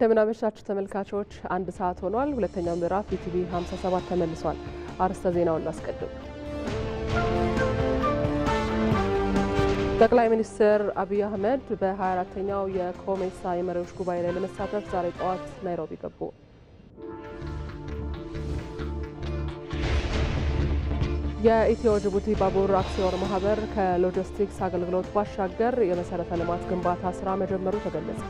እንደምን ተመልካቾች፣ አንድ ሰዓት ሆኗል። ሁለተኛው ምዕራፍ ኢቲቪ 57 ተመልሷል። አርዕስተ ዜናውን እናስቀድም። ጠቅላይ ሚኒስትር አብይ አህመድ በ24ተኛው የኮሜሳ የመሪዎች ጉባኤ ላይ ለመሳተፍ ዛሬ ጠዋት ናይሮቢ ገቡ። የኢትዮ ጅቡቲ ባቡር አክሲዮን ማህበር ከሎጂስቲክስ አገልግሎት ባሻገር የመሰረተ ልማት ግንባታ ስራ መጀመሩ ተገለጸ።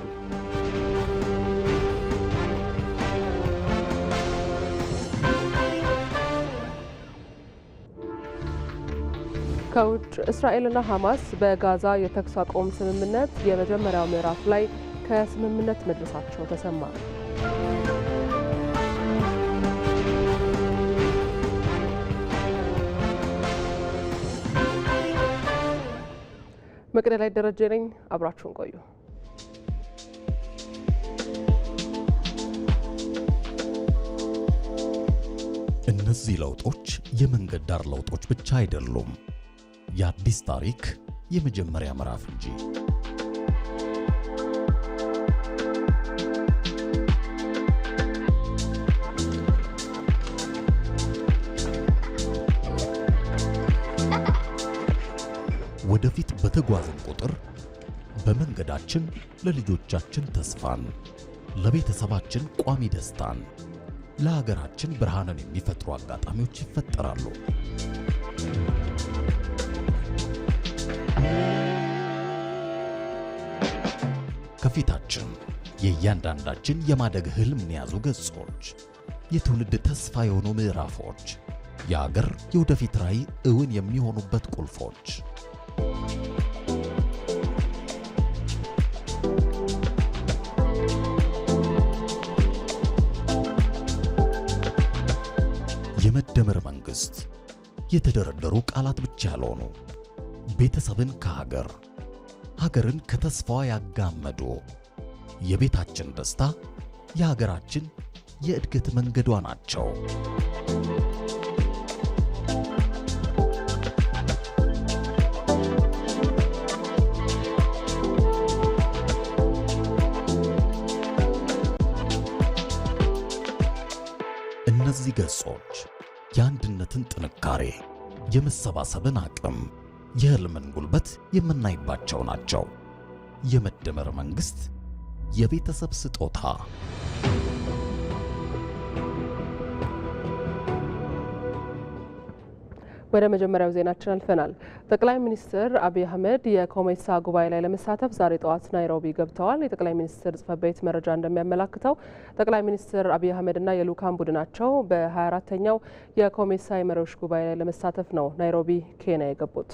ከውጭ እስራኤልና ሐማስ በጋዛ የተኩስ አቁም ስምምነት የመጀመሪያው ምዕራፍ ላይ ከስምምነት መድረሳቸው ተሰማ። መቅደላይ ደረጀ ነኝ። አብራችሁን ቆዩ። እነዚህ ለውጦች የመንገድ ዳር ለውጦች ብቻ አይደሉም። የአዲስ ታሪክ የመጀመሪያ ምዕራፍ እንጂ። ወደፊት በተጓዝን ቁጥር በመንገዳችን ለልጆቻችን ተስፋን፣ ለቤተሰባችን ቋሚ ደስታን፣ ለሀገራችን ብርሃንን የሚፈጥሩ አጋጣሚዎች ይፈጠራሉ። ከፊታችን የእያንዳንዳችን የማደግ ህልምን የያዙ ገጾች፣ የትውልድ ተስፋ የሆኑ ምዕራፎች፣ የአገር የወደፊት ራዕይ እውን የሚሆኑበት ቁልፎች የመደመር መንግስት የተደረደሩ ቃላት ብቻ ያልሆኑ ቤተሰብን ከሀገር ሀገርን ከተስፋ ያጋመዱ የቤታችን ደስታ የሀገራችን የእድገት መንገዷ ናቸው። እነዚህ ገጾች የአንድነትን ጥንካሬ፣ የመሰባሰብን አቅም የህልምን ጉልበት የምናይባቸው ናቸው። የመደመር መንግስት፣ የቤተሰብ ስጦታ ወደ መጀመሪያው ዜናችን አልፈናል። ጠቅላይ ሚኒስትር አብይ አህመድ የኮሜሳ ጉባኤ ላይ ለመሳተፍ ዛሬ ጠዋት ናይሮቢ ገብተዋል። የጠቅላይ ሚኒስትር ጽህፈት ቤት መረጃ እንደሚያመላክተው ጠቅላይ ሚኒስትር አብይ አህመድና የልኡካን ቡድናቸው በ24ተኛው የኮሜሳ የመሪዎች ጉባኤ ላይ ለመሳተፍ ነው ናይሮቢ ኬንያ የገቡት።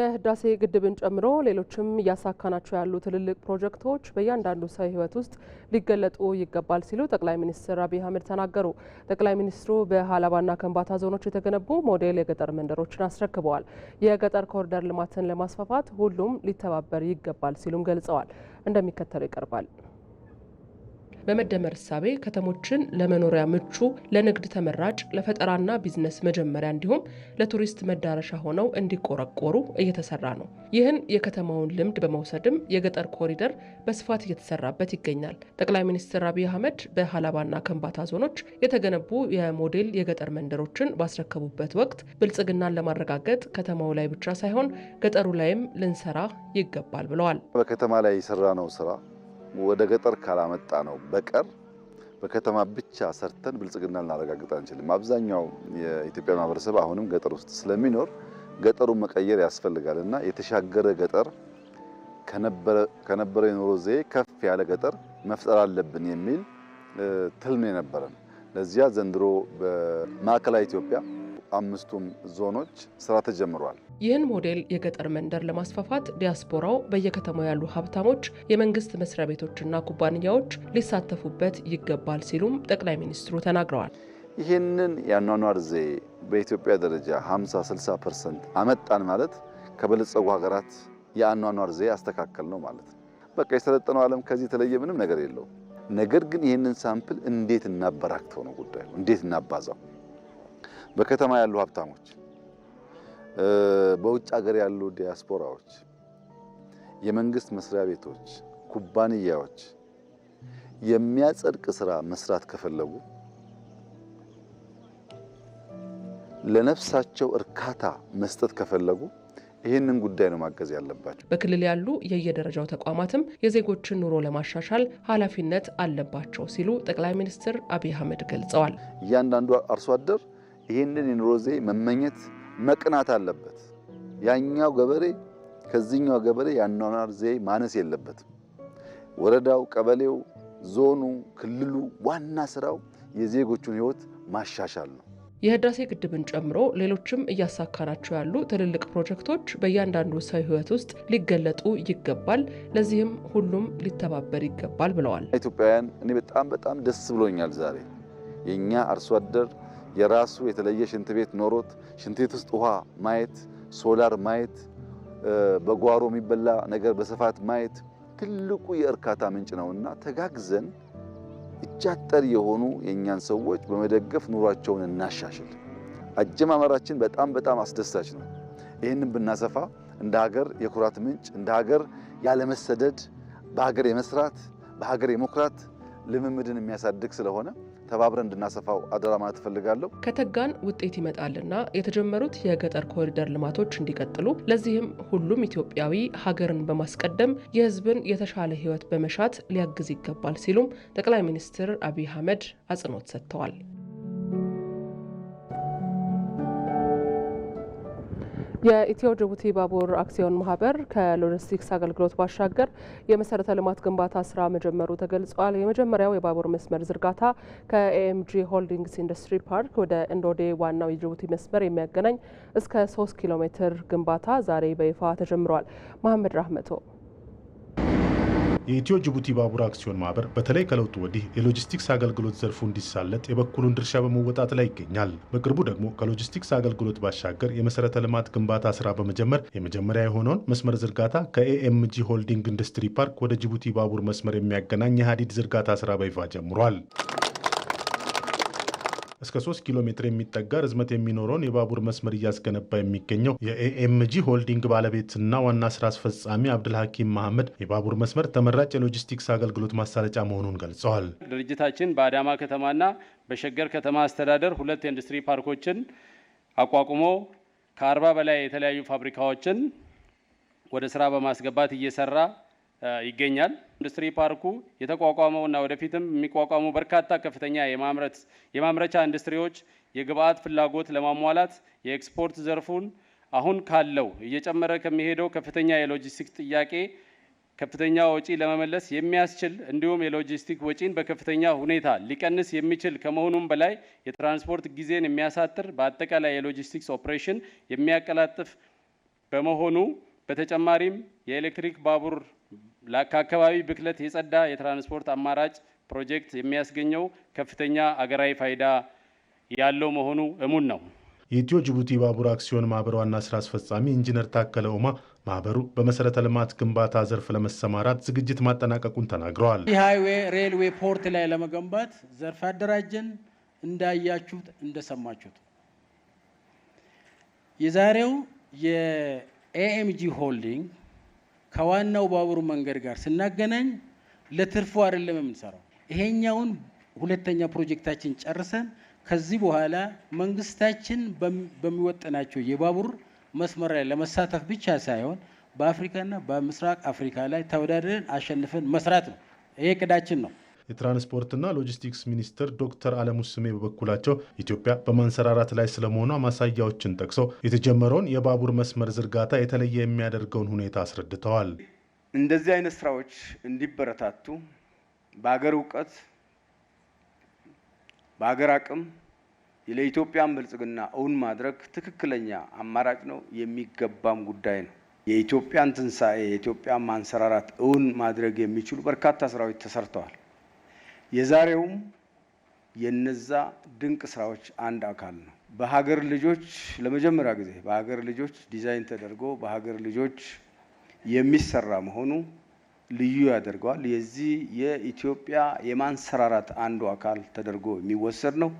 የህዳሴ ግድብን ጨምሮ ሌሎችም እያሳካናቸው ያሉ ትልልቅ ፕሮጀክቶች በእያንዳንዱ ሰው ህይወት ውስጥ ሊገለጡ ይገባል ሲሉ ጠቅላይ ሚኒስትር አብይ አህመድ ተናገሩ። ጠቅላይ ሚኒስትሩ በሀላባና ከንባታ ዞኖች የተገነቡ ሞዴል የገጠር መንደሮችን አስረክበዋል። የገጠር ኮሪደር ልማትን ለማስፋፋት ሁሉም ሊተባበር ይገባል ሲሉም ገልጸዋል። እንደሚከተለው ይቀርባል። በመደመር እሳቤ ከተሞችን ለመኖሪያ ምቹ፣ ለንግድ ተመራጭ፣ ለፈጠራና ቢዝነስ መጀመሪያ እንዲሁም ለቱሪስት መዳረሻ ሆነው እንዲቆረቆሩ እየተሰራ ነው። ይህን የከተማውን ልምድ በመውሰድም የገጠር ኮሪደር በስፋት እየተሰራበት ይገኛል። ጠቅላይ ሚኒስትር አብይ አህመድ በሀላባና ከንባታ ዞኖች የተገነቡ የሞዴል የገጠር መንደሮችን ባስረከቡበት ወቅት ብልጽግናን ለማረጋገጥ ከተማው ላይ ብቻ ሳይሆን ገጠሩ ላይም ልንሰራ ይገባል ብለዋል። በከተማ ላይ የሰራ ነው ስራ ወደ ገጠር ካላመጣ ነው በቀር በከተማ ብቻ ሰርተን ብልጽግና ልናረጋግጥ አንችልም። አብዛኛው የኢትዮጵያ ማህበረሰብ አሁንም ገጠር ውስጥ ስለሚኖር ገጠሩን መቀየር ያስፈልጋል እና የተሻገረ ገጠር ከነበረ የኑሮ ዘዬ ከፍ ያለ ገጠር መፍጠር አለብን የሚል ትልም የነበረን። ለዚያ ዘንድሮ በማዕከላዊ ኢትዮጵያ አምስቱም ዞኖች ስራ ተጀምሯል። ይህን ሞዴል የገጠር መንደር ለማስፋፋት ዲያስፖራው በየከተማው ያሉ ሀብታሞች፣ የመንግስት መስሪያ ቤቶችና ኩባንያዎች ሊሳተፉበት ይገባል ሲሉም ጠቅላይ ሚኒስትሩ ተናግረዋል። ይህንን የአኗኗር ዜ በኢትዮጵያ ደረጃ 50 60 ፐርሰንት አመጣን ማለት ከበለጸጉ ሀገራት የአኗኗር ዜ አስተካከል ነው ማለት ነው። በቃ የሰለጠነው ዓለም ከዚህ የተለየ ምንም ነገር የለው። ነገር ግን ይህንን ሳምፕል እንዴት እናበራክተው ነው ጉዳዩ፣ እንዴት እናባዛው። በከተማ ያሉ ሀብታሞች በውጭ ሀገር ያሉ ዲያስፖራዎች፣ የመንግስት መስሪያ ቤቶች፣ ኩባንያዎች የሚያጸድቅ ስራ መስራት ከፈለጉ ለነፍሳቸው እርካታ መስጠት ከፈለጉ ይህንን ጉዳይ ነው ማገዝ ያለባቸው። በክልል ያሉ የየደረጃው ተቋማትም የዜጎችን ኑሮ ለማሻሻል ኃላፊነት አለባቸው ሲሉ ጠቅላይ ሚኒስትር አብይ አህመድ ገልጸዋል። እያንዳንዱ አርሶ አደር ይህንን የኑሮ ዜ መመኘት መቅናት አለበት። ያኛው ገበሬ ከዚህኛው ገበሬ የአኗኗር ዘዬ ማነስ የለበትም። ወረዳው፣ ቀበሌው፣ ዞኑ፣ ክልሉ ዋና ስራው የዜጎቹን ህይወት ማሻሻል ነው። የህዳሴ ግድብን ጨምሮ ሌሎችም እያሳካናቸው ያሉ ትልልቅ ፕሮጀክቶች በእያንዳንዱ ሰው ህይወት ውስጥ ሊገለጡ ይገባል። ለዚህም ሁሉም ሊተባበር ይገባል ብለዋል ኢትዮጵያውያን። እኔ በጣም በጣም ደስ ብሎኛል ዛሬ የእኛ አርሶ አደር የራሱ የተለየ ሽንት ቤት ኖሮት ሽንት ቤት ውስጥ ውሃ ማየት፣ ሶላር ማየት፣ በጓሮ የሚበላ ነገር በስፋት ማየት ትልቁ የእርካታ ምንጭ ነውና ተጋግዘን እጃጠር የሆኑ የእኛን ሰዎች በመደገፍ ኑሯቸውን እናሻሽል። አጀማመራችን በጣም በጣም አስደሳች ነው። ይህንን ብናሰፋ እንደ ሀገር የኩራት ምንጭ፣ እንደ ሀገር ያለመሰደድ፣ በሀገር የመስራት በሀገር የመኩራት ልምምድን የሚያሳድግ ስለሆነ ተባብረን እንድናሰፋው አደራ ማለት እፈልጋለሁ። ከተጋን ውጤት ይመጣልና የተጀመሩት የገጠር ኮሪደር ልማቶች እንዲቀጥሉ፣ ለዚህም ሁሉም ኢትዮጵያዊ ሀገርን በማስቀደም የህዝብን የተሻለ ህይወት በመሻት ሊያግዝ ይገባል ሲሉም ጠቅላይ ሚኒስትር አብይ አህመድ አጽንኦት ሰጥተዋል። የኢትዮ ጅቡቲ ባቡር አክሲዮን ማህበር ከሎጂስቲክስ አገልግሎት ባሻገር የመሰረተ ልማት ግንባታ ስራ መጀመሩ ተገልጿል። የመጀመሪያው የባቡር መስመር ዝርጋታ ከኤኤምጂ ሆልዲንግስ ኢንዱስትሪ ፓርክ ወደ እንዶዴ ዋናው የጅቡቲ መስመር የሚያገናኝ እስከ 3 ኪሎ ሜትር ግንባታ ዛሬ በይፋ ተጀምሯል። መሐመድ ራህመቶ የኢትዮ ጅቡቲ ባቡር አክሲዮን ማህበር በተለይ ከለውጡ ወዲህ የሎጂስቲክስ አገልግሎት ዘርፉ እንዲሳለጥ የበኩሉን ድርሻ በመወጣት ላይ ይገኛል። በቅርቡ ደግሞ ከሎጂስቲክስ አገልግሎት ባሻገር የመሰረተ ልማት ግንባታ ስራ በመጀመር የመጀመሪያ የሆነውን መስመር ዝርጋታ ከኤኤምጂ ሆልዲንግ ኢንዱስትሪ ፓርክ ወደ ጅቡቲ ባቡር መስመር የሚያገናኝ የሀዲድ ዝርጋታ ስራ በይፋ ጀምሯል። እስከ 3 ኪሎ ሜትር የሚጠጋ ርዝመት የሚኖረውን የባቡር መስመር እያስገነባ የሚገኘው የኤኤምጂ ሆልዲንግ ባለቤትና ዋና ስራ አስፈጻሚ አብድልሐኪም መሐመድ የባቡር መስመር ተመራጭ የሎጂስቲክስ አገልግሎት ማሳለጫ መሆኑን ገልጸዋል። ድርጅታችን በአዳማ ከተማና በሸገር ከተማ አስተዳደር ሁለት የኢንዱስትሪ ፓርኮችን አቋቁሞ ከአርባ በላይ የተለያዩ ፋብሪካዎችን ወደ ስራ በማስገባት እየሰራ ይገኛል። ኢንዱስትሪ ፓርኩ እና ወደፊትም የሚቋቋሙ በርካታ ከፍተኛ የማምረት የማምረቻ ኢንዱስትሪዎች የግብአት ፍላጎት ለማሟላት የኤክስፖርት ዘርፉን አሁን ካለው እየጨመረ ከሚሄደው ከፍተኛ የሎጂስቲክስ ጥያቄ ከፍተኛ ወጪ ለመመለስ የሚያስችል እንዲሁም የሎጂስቲክ ወጪን በከፍተኛ ሁኔታ ሊቀንስ የሚችል ከመሆኑም በላይ የትራንስፖርት ጊዜን የሚያሳጥር በአጠቃላይ የሎጂስቲክስ ኦፕሬሽን የሚያቀላጥፍ በመሆኑ በተጨማሪም የኤሌክትሪክ ባቡር ከአካባቢ ብክለት የጸዳ የትራንስፖርት አማራጭ ፕሮጀክት የሚያስገኘው ከፍተኛ አገራዊ ፋይዳ ያለው መሆኑ እሙን ነው። የኢትዮ ጅቡቲ ባቡር አክሲዮን ማህበር ዋና ስራ አስፈጻሚ ኢንጂነር ታከለ ኡማ ማህበሩ በመሰረተ ልማት ግንባታ ዘርፍ ለመሰማራት ዝግጅት ማጠናቀቁን ተናግረዋል። ሃይዌ፣ ሬልዌ፣ ፖርት ላይ ለመገንባት ዘርፍ አደራጀን እንዳያችሁት እንደሰማችሁት የዛሬው የኤኤምጂ ሆልዲንግ ከዋናው ባቡር መንገድ ጋር ስናገናኝ ለትርፉ አይደለም የምንሰራው። ይሄኛውን ሁለተኛ ፕሮጀክታችን ጨርሰን ከዚህ በኋላ መንግስታችን በሚወጥናቸው የባቡር መስመር ላይ ለመሳተፍ ብቻ ሳይሆን በአፍሪካና በምስራቅ አፍሪካ ላይ ተወዳድረን አሸንፈን መስራት ነው። ይሄ ቅዳችን ነው። የትራንስፖርትና ሎጂስቲክስ ሚኒስትር ዶክተር አለሙ ስሜ በበኩላቸው ኢትዮጵያ በማንሰራራት ላይ ስለመሆኗ ማሳያዎችን ጠቅሰው የተጀመረውን የባቡር መስመር ዝርጋታ የተለየ የሚያደርገውን ሁኔታ አስረድተዋል። እንደዚህ አይነት ስራዎች እንዲበረታቱ በሀገር እውቀት በሀገር አቅም ለኢትዮጵያን ብልጽግና እውን ማድረግ ትክክለኛ አማራጭ ነው፣ የሚገባም ጉዳይ ነው። የኢትዮጵያን ትንሣኤ የኢትዮጵያን ማንሰራራት እውን ማድረግ የሚችሉ በርካታ ስራዎች ተሰርተዋል። የዛሬውም የነዛ ድንቅ ስራዎች አንድ አካል ነው። በሀገር ልጆች ለመጀመሪያ ጊዜ በሀገር ልጆች ዲዛይን ተደርጎ በሀገር ልጆች የሚሰራ መሆኑ ልዩ ያደርገዋል። የዚህ የኢትዮጵያ የማንሰራራት አንዱ አካል ተደርጎ የሚወሰድ ነው።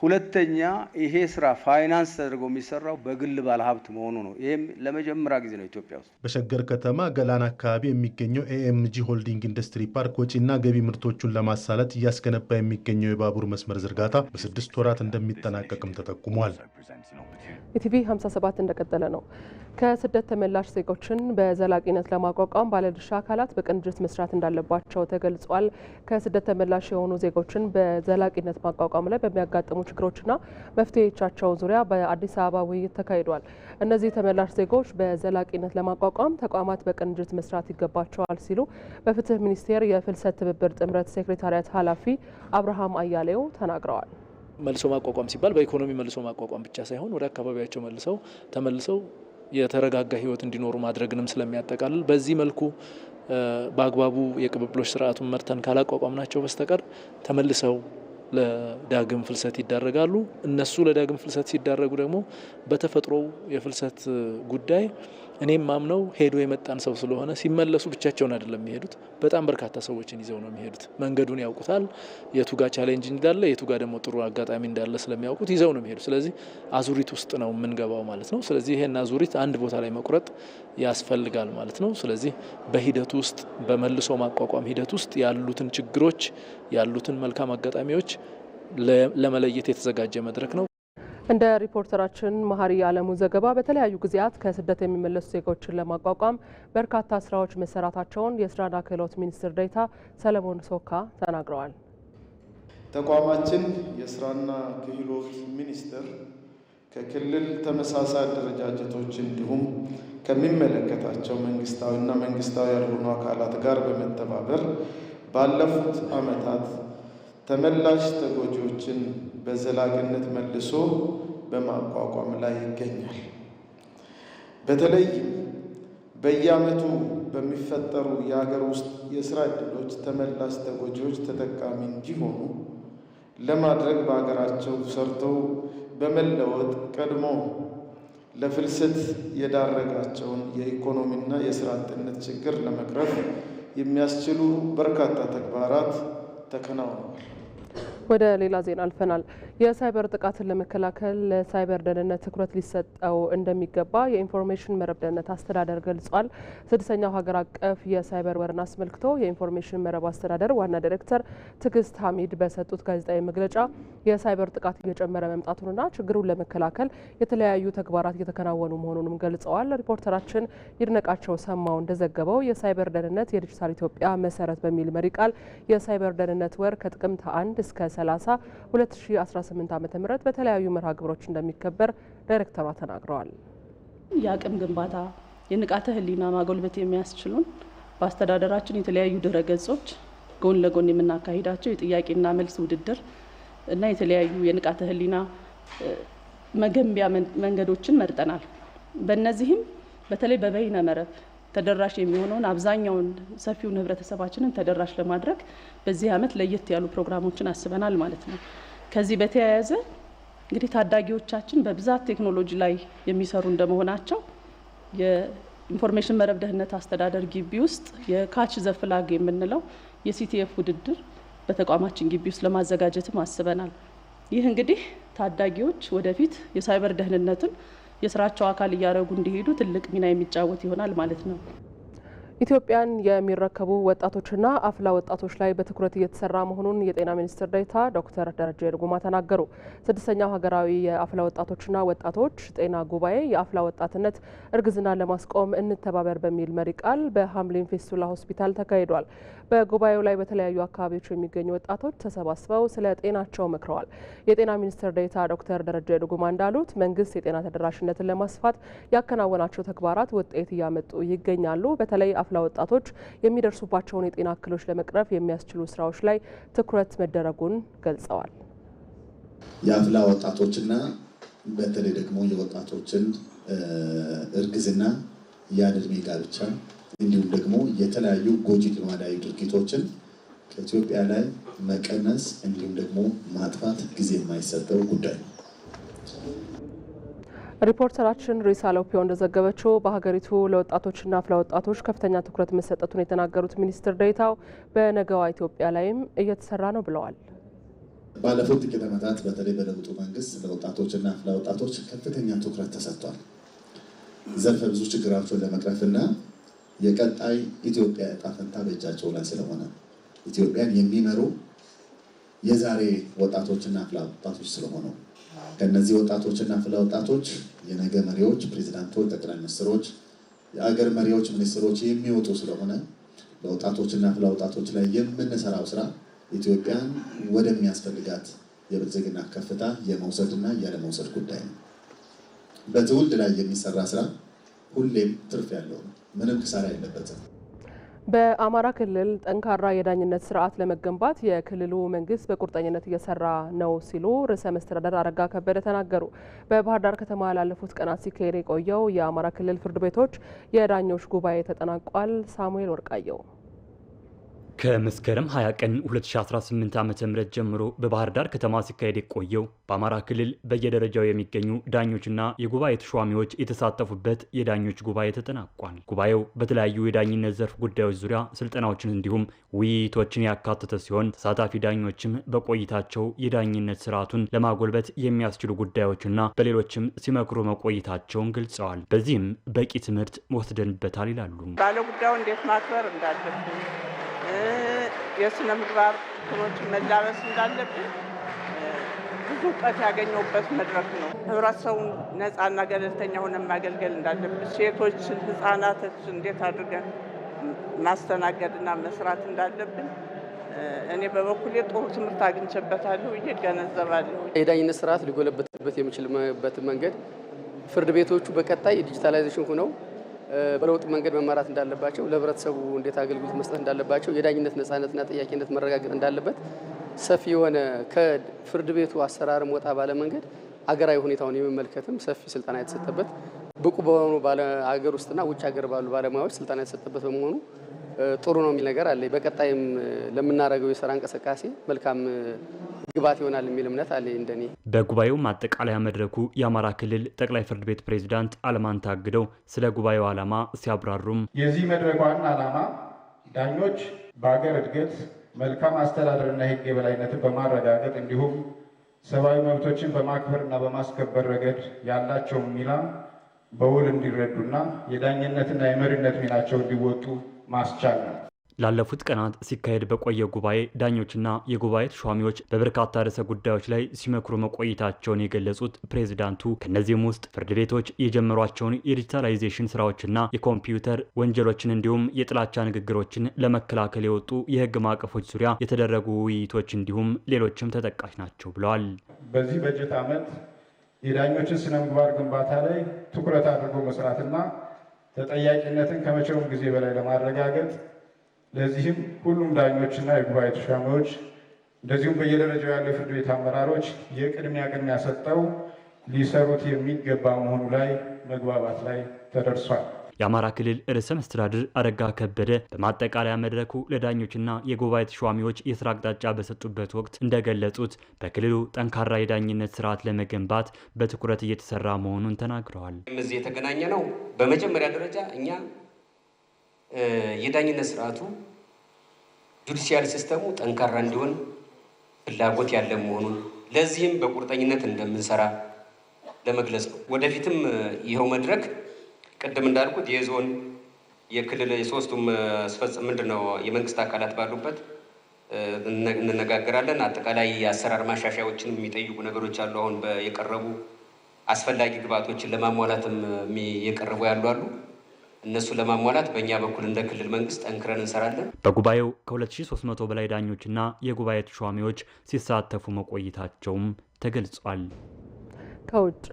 ሁለተኛ ይሄ ስራ ፋይናንስ ተደርጎ የሚሰራው በግል ባለሀብት መሆኑ ነው። ይህም ለመጀመሪያ ጊዜ ነው ኢትዮጵያ ውስጥ። በሸገር ከተማ ገላን አካባቢ የሚገኘው ኤኤምጂ ሆልዲንግ ኢንዱስትሪ ፓርክ ወጪና ገቢ ምርቶቹን ለማሳለጥ እያስገነባ የሚገኘው የባቡር መስመር ዝርጋታ በስድስት ወራት እንደሚጠናቀቅም ተጠቁሟል። ኢቲቪ 57 እንደቀጠለ ነው። ከስደት ተመላሽ ዜጎችን በዘላቂነት ለማቋቋም ባለድርሻ አካላት በቅንጅት መስራት እንዳለባቸው ተገልጿል። ከስደት ተመላሽ የሆኑ ዜጎችን በዘላቂነት ማቋቋም ላይ በሚያጋጥሙ ችግሮችና መፍትሄቻቸው ዙሪያ በአዲስ አበባ ውይይት ተካሂዷል። እነዚህ ተመላሽ ዜጎች በዘላቂነት ለማቋቋም ተቋማት በቅንጅት መስራት ይገባቸዋል ሲሉ በፍትህ ሚኒስቴር የፍልሰት ትብብር ጥምረት ሴክሬታሪያት ኃላፊ አብርሃም አያሌው ተናግረዋል። መልሶ ማቋቋም ሲባል በኢኮኖሚ መልሶ ማቋቋም ብቻ ሳይሆን ወደ አካባቢያቸው መልሰው ተመልሰው የተረጋጋ ህይወት እንዲኖሩ ማድረግንም ስለሚያጠቃልል በዚህ መልኩ በአግባቡ የቅብብሎች ስርዓቱን መርተን ካላቋቋም ናቸው በስተቀር ተመልሰው ለዳግም ፍልሰት ይዳረጋሉ። እነሱ ለዳግም ፍልሰት ሲዳረጉ ደግሞ በተፈጥሮው የፍልሰት ጉዳይ እኔም ማምነው ሄዶ የመጣን ሰው ስለሆነ ሲመለሱ ብቻቸውን አይደለም የሚሄዱት። በጣም በርካታ ሰዎችን ይዘው ነው የሚሄዱት። መንገዱን ያውቁታል። የቱጋ ቻሌንጅ እንዳለ፣ የቱጋ ደግሞ ጥሩ አጋጣሚ እንዳለ ስለሚያውቁት ይዘው ነው የሚሄዱት። ስለዚህ አዙሪት ውስጥ ነው የምንገባው ማለት ነው። ስለዚህ ይሄን አዙሪት አንድ ቦታ ላይ መቁረጥ ያስፈልጋል ማለት ነው። ስለዚህ በሂደት ውስጥ በመልሶ ማቋቋም ሂደት ውስጥ ያሉትን ችግሮች ያሉትን መልካም አጋጣሚዎች ለመለየት የተዘጋጀ መድረክ ነው። እንደ ሪፖርተራችን መሀሪ አለሙ ዘገባ በተለያዩ ጊዜያት ከስደት የሚመለሱ ዜጎችን ለማቋቋም በርካታ ስራዎች መሰራታቸውን የስራና ክህሎት ሚኒስትር ዴኤታ ሰለሞን ሶካ ተናግረዋል። ተቋማችን የስራና ክህሎት ሚኒስቴር ከክልል ተመሳሳይ አደረጃጀቶች እንዲሁም ከሚመለከታቸው መንግስታዊና መንግስታዊ ያልሆኑ አካላት ጋር በመተባበር ባለፉት ዓመታት ተመላሽ ተጎጂዎችን በዘላቂነት መልሶ በማቋቋም ላይ ይገኛል። በተለይም በየዓመቱ በሚፈጠሩ የሀገር ውስጥ የስራ ዕድሎች ተመላሽ ተጎጂዎች ተጠቃሚ እንዲሆኑ ለማድረግ በሀገራቸው ሰርተው በመለወጥ ቀድሞ ለፍልሰት የዳረጋቸውን የኢኮኖሚና የስራ አጥነት ችግር ለመቅረፍ የሚያስችሉ በርካታ ተግባራት ተከናውነዋል። ወደ ሌላ ዜና አልፈናል። የሳይበር ጥቃትን ለመከላከል ለሳይበር ደህንነት ትኩረት ሊሰጠው እንደሚገባ የኢንፎርሜሽን መረብ ደህንነት አስተዳደር ገልጿል። ስድስተኛው ሀገር አቀፍ የሳይበር ወርን አስመልክቶ የኢንፎርሜሽን መረብ አስተዳደር ዋና ዲሬክተር ትዕግስት ሀሚድ በሰጡት ጋዜጣዊ መግለጫ የሳይበር ጥቃት እየጨመረ መምጣቱንና ችግሩን ለመከላከል የተለያዩ ተግባራት እየተከናወኑ መሆኑንም ገልጸዋል። ሪፖርተራችን ይድነቃቸው ሰማው እንደዘገበው የሳይበር ደህንነት የዲጂታል ኢትዮጵያ መሰረት በሚል መሪ ቃል የሳይበር ደህንነት ወር ከጥቅምት አንድ እስከ 30 2018 ዓ ም በተለያዩ መርሃ ግብሮች እንደሚከበር ዳይሬክተሯ ተናግረዋል። የአቅም ግንባታ የንቃተ ህሊና ማጎልበት የሚያስችሉን በአስተዳደራችን የተለያዩ ድረ ገጾች ጎን ለጎን የምናካሂዳቸው የጥያቄና መልስ ውድድር እና የተለያዩ የንቃተ ህሊና መገንቢያ መንገዶችን መርጠናል። በእነዚህም በተለይ በበይነ መረብ ተደራሽ የሚሆነውን አብዛኛውን ሰፊውን ህብረተሰባችንን ተደራሽ ለማድረግ በዚህ ዓመት ለየት ያሉ ፕሮግራሞችን አስበናል ማለት ነው። ከዚህ በተያያዘ እንግዲህ ታዳጊዎቻችን በብዛት ቴክኖሎጂ ላይ የሚሰሩ እንደመሆናቸው የኢንፎርሜሽን መረብ ደህንነት አስተዳደር ግቢ ውስጥ የካች ዘፍላግ የምንለው የሲቲኤፍ ውድድር በተቋማችን ግቢ ውስጥ ለማዘጋጀትም አስበናል። ይህ እንግዲህ ታዳጊዎች ወደፊት የሳይበር ደህንነትን የስራቸው አካል እያደረጉ እንዲሄዱ ትልቅ ሚና የሚጫወት ይሆናል ማለት ነው። ኢትዮጵያን የሚረከቡ ወጣቶችና አፍላ ወጣቶች ላይ በትኩረት እየተሰራ መሆኑን የጤና ሚኒስትር ዴኤታ ዶክተር ደረጀ ድጉማ ተናገሩ። ስድስተኛው ሀገራዊ የአፍላ ወጣቶችና ወጣቶች ጤና ጉባኤ የአፍላ ወጣትነት እርግዝና ለማስቆም እንተባበር በሚል መሪ ቃል በሀምሊን ፌስቱላ ሆስፒታል ተካሂዷል። በጉባኤው ላይ በተለያዩ አካባቢዎች የሚገኙ ወጣቶች ተሰባስበው ስለ ጤናቸው መክረዋል። የጤና ሚኒስትር ዴኤታ ዶክተር ደረጀ ዱጉማ እንዳሉት መንግስት የጤና ተደራሽነትን ለማስፋት ያከናወናቸው ተግባራት ውጤት እያመጡ ይገኛሉ። በተለይ አፍላ ወጣቶች የሚደርሱባቸውን የጤና እክሎች ለመቅረፍ የሚያስችሉ ስራዎች ላይ ትኩረት መደረጉን ገልጸዋል። የአፍላ ወጣቶችና በተለይ ደግሞ የወጣቶችን እርግዝና ያለ እድሜ ጋብቻ እንዲሁም ደግሞ የተለያዩ ጎጂ ልማዳዊ ድርጊቶችን ከኢትዮጵያ ላይ መቀነስ እንዲሁም ደግሞ ማጥፋት ጊዜ የማይሰጠው ጉዳይ ነው። ሪፖርተራችን ሬሳ ለውፒዮ እንደዘገበችው በሀገሪቱ ለወጣቶችና አፍላ ወጣቶች ከፍተኛ ትኩረት መሰጠቱን የተናገሩት ሚኒስትር ዴኤታው በነገዋ ኢትዮጵያ ላይም እየተሰራ ነው ብለዋል። ባለፉት ጥቂት ዓመታት በተለይ በለውጡ መንግስት ለወጣቶችና አፍላ ወጣቶች ከፍተኛ ትኩረት ተሰጥቷል። ዘርፈ ብዙ ችግራቸውን ለመቅረፍና የቀጣይ ኢትዮጵያ ዕጣ ፈንታ በእጃቸው ላይ ስለሆነ ኢትዮጵያን የሚመሩ የዛሬ ወጣቶችና አፍላ ወጣቶች ስለሆኑ ከነዚህ ወጣቶችና አፍላ ወጣቶች የነገ መሪዎች፣ ፕሬዚዳንቶች፣ ጠቅላይ ሚኒስትሮች፣ የአገር መሪዎች፣ ሚኒስትሮች የሚወጡ ስለሆነ በወጣቶችና አፍላ ወጣቶች ላይ የምንሰራው ስራ ኢትዮጵያን ወደሚያስፈልጋት የብልጽግና ከፍታ የመውሰድና ያለመውሰድ ጉዳይ ነው። በትውልድ ላይ የሚሰራ ስራ ሁሌም ትርፍ ያለው ነው። ምንም ክሳራ የለበትም። በአማራ ክልል ጠንካራ የዳኝነት ስርዓት ለመገንባት የክልሉ መንግስት በቁርጠኝነት እየሰራ ነው ሲሉ ርዕሰ መስተዳደር አረጋ ከበደ ተናገሩ። በባህር ዳር ከተማ ላለፉት ቀናት ሲካሄድ የቆየው የአማራ ክልል ፍርድ ቤቶች የዳኞች ጉባኤ ተጠናቋል። ሳሙኤል ወርቃየው ከመስከረም 20 ቀን 2018 ዓ ም ጀምሮ በባህር ዳር ከተማ ሲካሄድ የቆየው በአማራ ክልል በየደረጃው የሚገኙ ዳኞችና የጉባኤ ተሿሚዎች የተሳተፉበት የዳኞች ጉባኤ ተጠናቋል። ጉባኤው በተለያዩ የዳኝነት ዘርፍ ጉዳዮች ዙሪያ ስልጠናዎችን እንዲሁም ውይይቶችን ያካተተ ሲሆን ተሳታፊ ዳኞችም በቆይታቸው የዳኝነት ስርዓቱን ለማጎልበት የሚያስችሉ ጉዳዮችና በሌሎችም ሲመክሩ መቆይታቸውን ገልጸዋል። በዚህም በቂ ትምህርት ወስደንበታል ይላሉ። ባለጉዳዩ እንዴት ማክበር እንዳለብን የስነ ምግባር ትኖችን መላበስ እንዳለብን ብዙ እውቀት ያገኘሁበት መድረክ ነው። ህብረተሰቡን ነፃና ገለልተኛ ሆነ ማገልገል እንዳለብን፣ ሴቶችን፣ ህፃናቶች እንዴት አድርገን ማስተናገድና መስራት እንዳለብን እኔ በበኩሌ ጥሩ ትምህርት አግኝቼበታለሁ ብዬ እገነዘባለሁ። የዳኝነት ስርዓት ሊጎለበትበት የሚችልበት መንገድ ፍርድ ቤቶቹ በቀጣይ ዲጂታላይዜሽን ሆነው በለውጥ መንገድ መመራት እንዳለባቸው፣ ለህብረተሰቡ እንዴት አገልግሎት መስጠት እንዳለባቸው፣ የዳኝነት ነጻነትና ጥያቄነት መረጋገጥ እንዳለበት ሰፊ የሆነ ከፍርድ ቤቱ አሰራርም ወጣ ባለ መንገድ አገራዊ ሁኔታውን የመመልከትም ሰፊ ስልጠና የተሰጠበት ብቁ በሆኑ ሀገር ውስጥና ውጭ ሀገር ባሉ ባለሙያዎች ስልጠና የተሰጠበት በመሆኑ ጥሩ ነው የሚል ነገር አለ። በቀጣይም ለምናደርገው የስራ እንቅስቃሴ መልካም ግባት ይሆናል የሚል እምነት አለ እንደኔ። በጉባኤው ማጠቃለያ መድረኩ የአማራ ክልል ጠቅላይ ፍርድ ቤት ፕሬዝዳንት አለማን ታግደው ስለ ጉባኤው ዓላማ ሲያብራሩም የዚህ መድረክ ዋና ዓላማ ዳኞች በሀገር እድገት መልካም አስተዳደርና የሕግ የበላይነትን በማረጋገጥ እንዲሁም ሰብአዊ መብቶችን በማክበርና በማስከበር ረገድ ያላቸውን ሚና በውል እንዲረዱና የዳኝነትና የመሪነት ሚናቸው እንዲወጡ ማስቻል ነው። ላለፉት ቀናት ሲካሄድ በቆየ ጉባኤ ዳኞችና የጉባኤ ተሿሚዎች በበርካታ ርዕሰ ጉዳዮች ላይ ሲመክሩ መቆየታቸውን የገለጹት ፕሬዚዳንቱ ከእነዚህም ውስጥ ፍርድ ቤቶች የጀመሯቸውን የዲጂታላይዜሽን ስራዎችና የኮምፒውተር ወንጀሎችን እንዲሁም የጥላቻ ንግግሮችን ለመከላከል የወጡ የህግ ማዕቀፎች ዙሪያ የተደረጉ ውይይቶች እንዲሁም ሌሎችም ተጠቃሽ ናቸው ብለዋል። በዚህ በጀት ዓመት የዳኞችን ስነ ምግባር ግንባታ ላይ ትኩረት አድርጎ መስራትና ተጠያቂነትን ከመቼውም ጊዜ በላይ ለማረጋገጥ ለዚህም ሁሉም ዳኞችና የጉባኤ ተሿሚዎች እንደዚሁም በየደረጃው ያሉ የፍርድ ቤት አመራሮች የቅድሚያ ቅድሚያ ሰጠው ሊሰሩት የሚገባ መሆኑ ላይ መግባባት ላይ ተደርሷል። የአማራ ክልል ርዕሰ መስተዳድር አረጋ ከበደ በማጠቃለያ መድረኩ ለዳኞችና የጉባኤ ተሿሚዎች የስራ አቅጣጫ በሰጡበት ወቅት እንደገለጹት በክልሉ ጠንካራ የዳኝነት ስርዓት ለመገንባት በትኩረት እየተሰራ መሆኑን ተናግረዋል። እዚህ የተገናኘ ነው። በመጀመሪያ ደረጃ እኛ የዳኝነት ስርዓቱ ጁዲሲያል ሲስተሙ ጠንካራ እንዲሆን ፍላጎት ያለ መሆኑን ለዚህም በቁርጠኝነት እንደምንሰራ ለመግለጽ ነው። ወደፊትም ይኸው መድረክ ቅድም እንዳልኩት የዞን የክልል የሶስቱም አስፈጽ ምንድን ነው የመንግስት አካላት ባሉበት እንነጋገራለን። አጠቃላይ የአሰራር ማሻሻያዎችን የሚጠይቁ ነገሮች አሉ። አሁን የቀረቡ አስፈላጊ ግብዓቶችን ለማሟላትም የቀረቡ ያሉ አሉ። እነሱን ለማሟላት በእኛ በኩል እንደ ክልል መንግስት ጠንክረን እንሰራለን። በጉባኤው ከ2300 በላይ ዳኞችና የጉባኤ ተሿሚዎች ሲሳተፉ መቆየታቸውም ተገልጿል። ከውጭ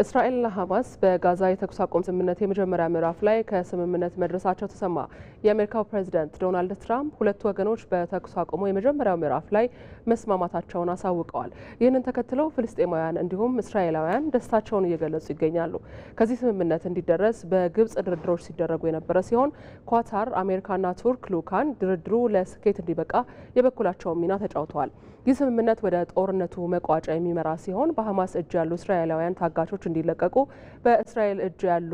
እስራኤልና ሐማስ በጋዛ የተኩስ አቁም ስምምነት የመጀመሪያ ምዕራፍ ላይ ከስምምነት መድረሳቸው ተሰማ። የአሜሪካው ፕሬዚዳንት ዶናልድ ትራምፕ ሁለቱ ወገኖች በተኩስ አቁሙ የመጀመሪያው ምዕራፍ ላይ መስማማታቸውን አሳውቀዋል። ይህንን ተከትለው ፍልስጤማውያን እንዲሁም እስራኤላውያን ደስታቸውን እየገለጹ ይገኛሉ። ከዚህ ስምምነት እንዲደረስ በግብጽ ድርድሮች ሲደረጉ የነበረ ሲሆን ኳታር፣ አሜሪካና ቱርክ ልኡካን ድርድሩ ለስኬት እንዲበቃ የበኩላቸውን ሚና ተጫውተዋል። ይህ ስምምነት ወደ ጦርነቱ መቋጫ የሚመራ ሲሆን በሐማስ እጅ ያሉ እስራኤላውያን ታጋቾች እንዲለቀቁ፣ በእስራኤል እጅ ያሉ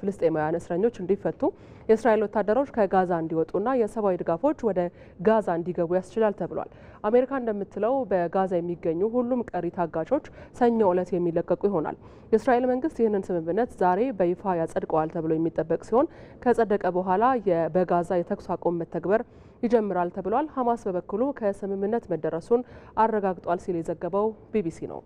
ፍልስጤማውያን እስረኞች እንዲፈቱ፣ የእስራኤል ወታደሮች ከጋዛ እንዲወጡና የሰብአዊ ድጋፎች ወደ ጋዛ እንዲገቡ ያስችላል ተብሏል። አሜሪካ እንደምትለው በጋዛ የሚገኙ ሁሉም ቀሪ ታጋቾች ሰኞ እለት የሚለቀቁ ይሆናል። የእስራኤል መንግስት ይህንን ስምምነት ዛሬ በይፋ ያጸድቀዋል ተብሎ የሚጠበቅ ሲሆን ከጸደቀ በኋላ በጋዛ የተኩስ አቁም መተግበር ይጀምራል ተብሏል። ሐማስ በበኩሉ ከስምምነት መደረሱን አረጋግጧል ሲል የዘገበው ቢቢሲ ነው።